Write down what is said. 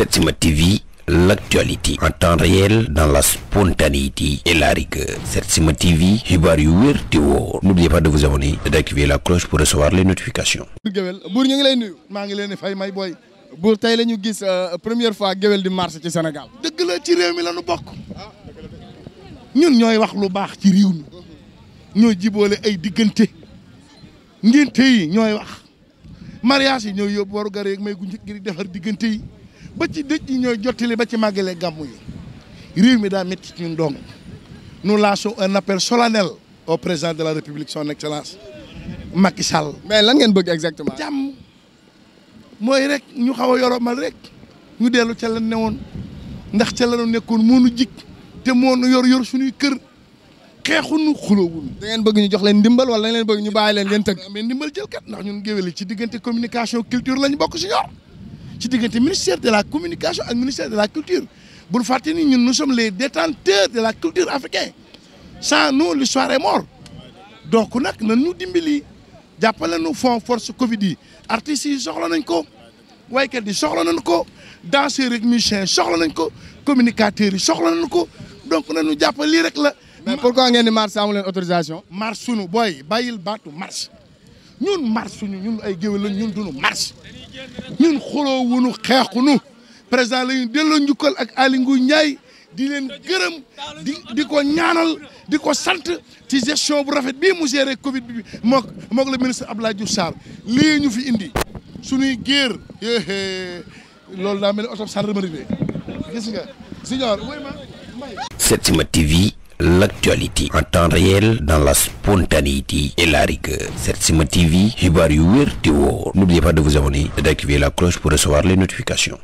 Setsima TV l'actualité en temps réel dans la spontanéité et la rigueur Setsima TV xibaar yu wér te wóor n'oubliez pas de vous abonner et d'activer la cloche pour recevoir les notifications géwél buur ñu ngi lay nuyu maa ngi leen di fay may booy buur tey la ñu gis euh, première fois géwél di marché ci Sénégal dëgg la ci réew mi la ñu bokk ah, ñun ñooy wax lu baax ci réew mi ñooy jiboole ay diggante ngénte yi ñooy wax mariage yi ñooy yóbbu waru may gu ngir defar diggante ba ci dëj yi ñooy jottali ba ci màggale gàmmu yi réew mi daa métti ci ñun dong nous lançons un appel solennel au président de la république son excellence Macky Sall. mais lan ngeen bëgg exactement. jàmm mooy rek ñu xaw a yoromal rek ñu dellu ca la woon ndax ca la nu nekkoon moo nu jik te moo nu yor yor suñuy kër xeexuñu xulóowul. da ngeen bëgg ñu jox leen ndimbal wala da ngeen bëgg ñu bàyyi leen leen tëgg. Ah, mais ndimbal jël kat ndax ñun géwél ci diggante communication culture lañ bokk si ñor. ci diggante ministère de la communication ak ministère de la culture bul fàtte ni ñun nous sommes le détenteurs de la culture africaine sans nous l'histoire est morte donc nag na nu dimbali jàppale nu fond force Covid yi artistes yi soxla nañ ko waykat yi soxla nañ ko danseurs ak musiciens soxla nañ ko communicateurs yi soxla nañ ko donc nañu jàppale lii rek la. mais pourquoi ngeen di marche amu leen autorisation. marche sunu booy bàyyil baatu marche. ñun marche ñu ñun ay géwél lañ ñun duñu marche ñun xuloo wunu xeexunu président la ñu delloo njukkal ak Aly Ngouille di leen gërëm di ko ñaanal di ko sant ci gestion bu rafet bii mu géré Covid bi mook mook le ministre Abdoulaye Diouf Sarr lii ñu fi indi suñuy géer loolu daa mel ni oto gendarmerie gis nga siñor l'actualité en temps réel dans la spontanéité et la rigueur Setsima TV xibaar yu wér te wóor n'oubliez pas de vous abonner et d'activer la cloche pour recevoir les notifications